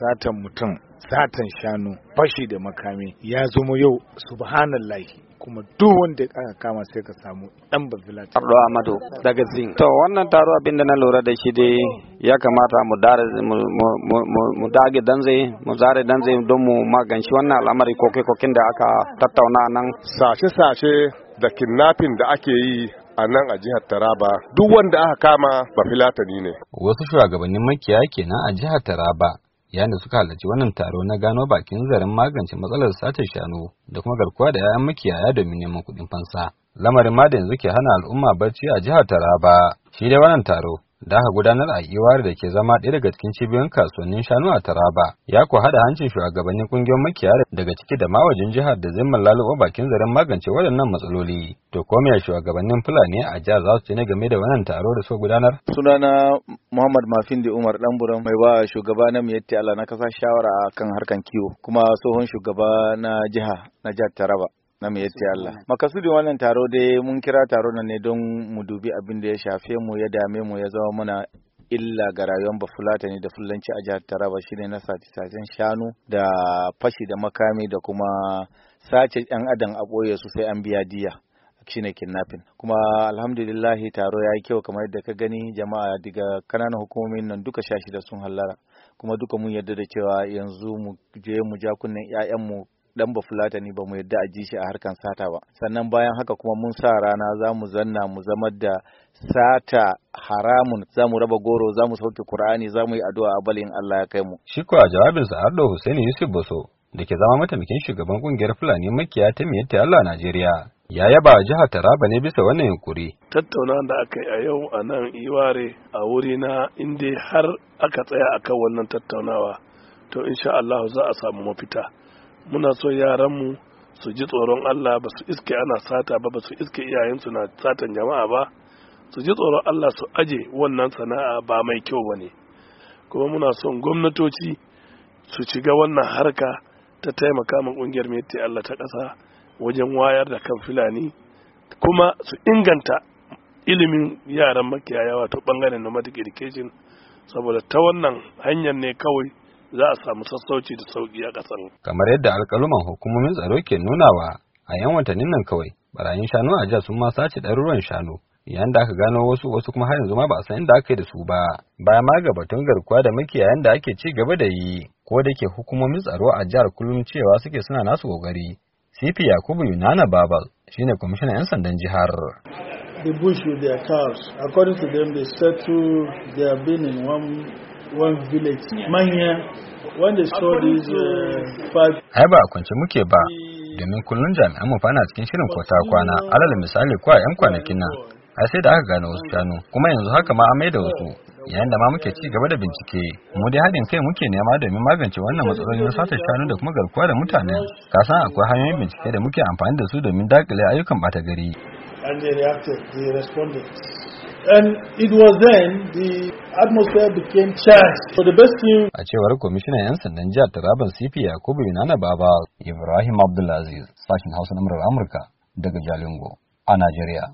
satan mutum satan shanu fashi da makami ya zama yau subhanallahi kuma duk wanda aka kama sai ka samu dan babila Amadu daga Zin to wannan taro abin da na lura da shi dai ya kamata mu dare mu dage danze mu zare danze don mu maganci wannan al'amari koke kokin da aka tattauna nan sashe sashe da kidnapping da ake yi a nan a jihar Taraba duk wanda aka kama ba filatani ne wasu shugabannin makiya kenan a jihar Taraba yayin suka halarci wannan taro na gano bakin zaren magance matsalar sace shanu da kuma garkuwa da 'ya'yan makiyaya domin neman kuɗin fansa lamarin ma da yanzu ke hana al'umma barci a jihar taraba shi dai wannan taro da aka gudanar a iwari da ke zama ɗaya daga cikin cibiyoyin kasuwannin shanu a taraba ya ku haɗa hancin shugabannin ƙungiyoyin makiyaya daga ciki da mawajin jihar da zai lalubo bakin zaren magance waɗannan matsaloli to ko me shugabannin fulani a jihar za su ce ne game da wannan taro da suka gudanar sunana muhammad mafindi umar ɗanburan mai ba shugaba na miyatti allah na kasa shawara kan harkan kiwo kuma tsohon shugaba na jiha na jihar taraba na mai Allah makasudin wannan taro dai mun kira taro nan ne don mu dubi abin da ya shafe mu ya dame mu ya zama muna illa ga rayuwar bafulatani da fulanci a jihar Taraba shine na sace-sacen shanu da fashi da makami da kuma sace yan adam a ɓoye su sai an biya diya shine kidnapping kuma alhamdulillahi taro ya yi kyau kamar yadda ka gani jama'a daga kananan hukumomin nan duka sha shida sun hallara kuma duka mun yarda da cewa yanzu mu je mu ja kunnen 'ya'yanmu dan bafulatani ba mu yadda a ji shi a harkan sata ba sannan bayan haka kuma mun sa rana za mu zanna mu zamar da sata haramun za mu raba goro za mu sauke qur'ani za mu yi addu'a a balin Allah ya kai mu shi kuwa jawabin sa Ardo Husaini Yusuf Boso da ke zama mataimakin shugaban kungiyar Fulani makiya ta Miyatta Allah Najeriya ya yaba a jihar Taraba ne bisa wannan yunkuri. Tattauna da aka yi a yau a nan Iware a wuri na inda har aka tsaya akan wannan tattaunawa to insha Allah za a samu mafita. muna so yaranmu su ji tsoron Allah ba su iske ana sata ba ba su iske iyayensu na satan jama'a ba su ji tsoron Allah su aje wannan sana'a ba mai kyau ba ne kuma muna son gwamnatoci su ci shiga wannan harka ta taimaka ma ƙungiyar meti Allah ta ƙasa wajen wayar da kan fulani kuma su inganta ilimin yaran makiyaya wato bangaren nomadic education saboda ta wannan hanyar ne kawai za a samu sassauci da sauki a ƙasar. Kamar yadda alkaluman hukumomin tsaro ke nunawa a yan watannin nan kawai barayin shanu a jihar sun ma sace ɗaruruwan shanu yayin da aka gano wasu wasu kuma har yanzu ma ba a san inda aka yi da su ba Bayan ma ga batun garkuwa da makiyayan da ake ci gaba da yi ko da ke hukumomin tsaro a jihar kullum cewa suke suna nasu kokari CP Yakubu Yunana Babal shine kwamishinan 'yan sandan jihar. The bush with their cows. According to them, they settle their being in one one uh, ba a kwance muke ba domin kullum jami'an mu fana cikin shirin kwata kwana alal misali ko a yan kwanakin nan a sai da aka gane wasu shanu kuma yanzu haka ma amai da wasu yayin da ma muke ci gaba da bincike mu dai haɗin kai muke nema domin magance wannan matsalolin na satar shanu da kuma garkuwa da mutane kasan akwai hanyoyin bincike da muke amfani da su domin dakile ayyukan bata gari And it was then the atmosphere became charged. So the best thing... A cewar kwamishinan 'yan sandan jihar Taraban CP Yakubu Yunana Baba Ibrahim Abdulaziz, sashen Hausa na Amurka daga Jalingo a Najeriya.